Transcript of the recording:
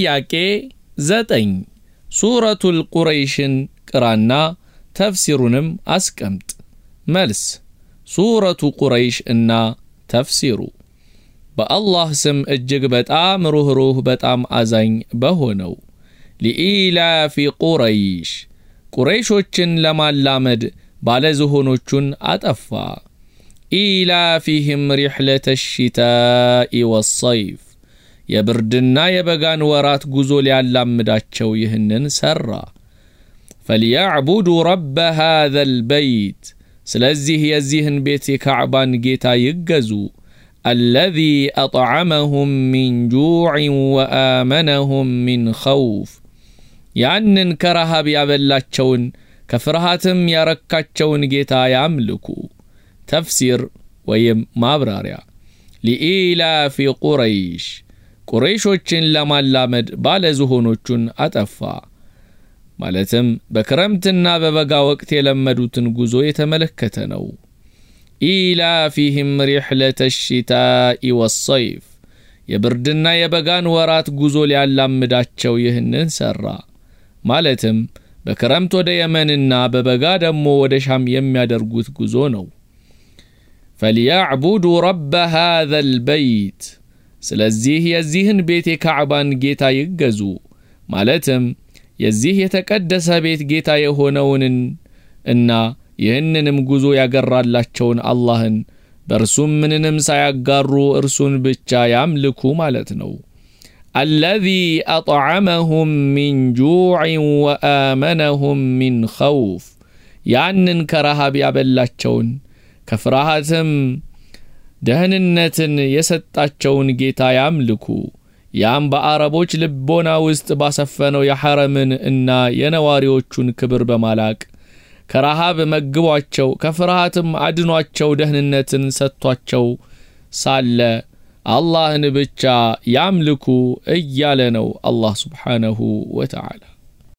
ጥያቄ ዘጠኝ ሱረቱል ቁረይሽን ቅራና ተፍሲሩንም አስቀምጥ። መልስ ሱረቱ ቁረይሽ እና ተፍሲሩ በአላህ ስም እጅግ በጣም ሩኅሩህ በጣም አዛኝ በሆነው ሊኢላፊ ቁረይሽ ቁረይሾችን ለማላመድ ባለዝሆኖቹን አጠፋ ኢላፊህም ሪሕለተ ሽታኢ ወሰይፍ የብርድና የበጋን ወራት ጉዞ ሊያላምዳቸው ይህንን ሠራ ፈሊያዕቡዱ ረበ ሃዘ ልበይት ስለዚህ የዚህን ቤት የካዕባን ጌታ ይገዙ አለዚ አጥዓመሁም ሚን ጁዕን ወአመነሁም ሚን ኸውፍ ያንን ከረሃብ ያበላቸውን ከፍርሃትም ያረካቸውን ጌታ ያምልኩ ተፍሲር ወይም ማብራሪያ ሊኢላፊ ቁረይሽ ቁረይሾችን ለማላመድ ባለ ዝሆኖቹን አጠፋ። ማለትም በክረምትና በበጋ ወቅት የለመዱትን ጉዞ የተመለከተ ነው። ኢላፊህም ሪሕለተ ሽታኢ ወሰይፍ የብርድና የበጋን ወራት ጉዞ ሊያላምዳቸው ይህንን ሠራ። ማለትም በክረምት ወደ የመንና በበጋ ደግሞ ወደ ሻም የሚያደርጉት ጉዞ ነው። ፈሊያዕቡዱ ረበ ሃዘ ልበይት ስለዚህ የዚህን ቤት የካዕባን ጌታ ይገዙ ማለትም የዚህ የተቀደሰ ቤት ጌታ የሆነውንን እና ይህንንም ጉዞ ያገራላቸውን አላህን በእርሱም ምንንም ሳያጋሩ እርሱን ብቻ ያምልኩ ማለት ነው። አለዚ አጥዓመሁም ሚን ጁዕን ወአመነሁም ሚን ኸውፍ ያንን ከረሃብ ያበላቸውን ከፍርሃትም ደህንነትን የሰጣቸውን ጌታ ያምልኩ። ያም በአረቦች ልቦና ውስጥ ባሰፈነው የሐረምን እና የነዋሪዎቹን ክብር በማላቅ ከረሃብ መግቧቸው ከፍርሃትም አድኗቸው ደህንነትን ሰጥቷቸው ሳለ አላህን ብቻ ያምልኩ እያለ ነው አላህ ስብሓነሁ ወተዓላ።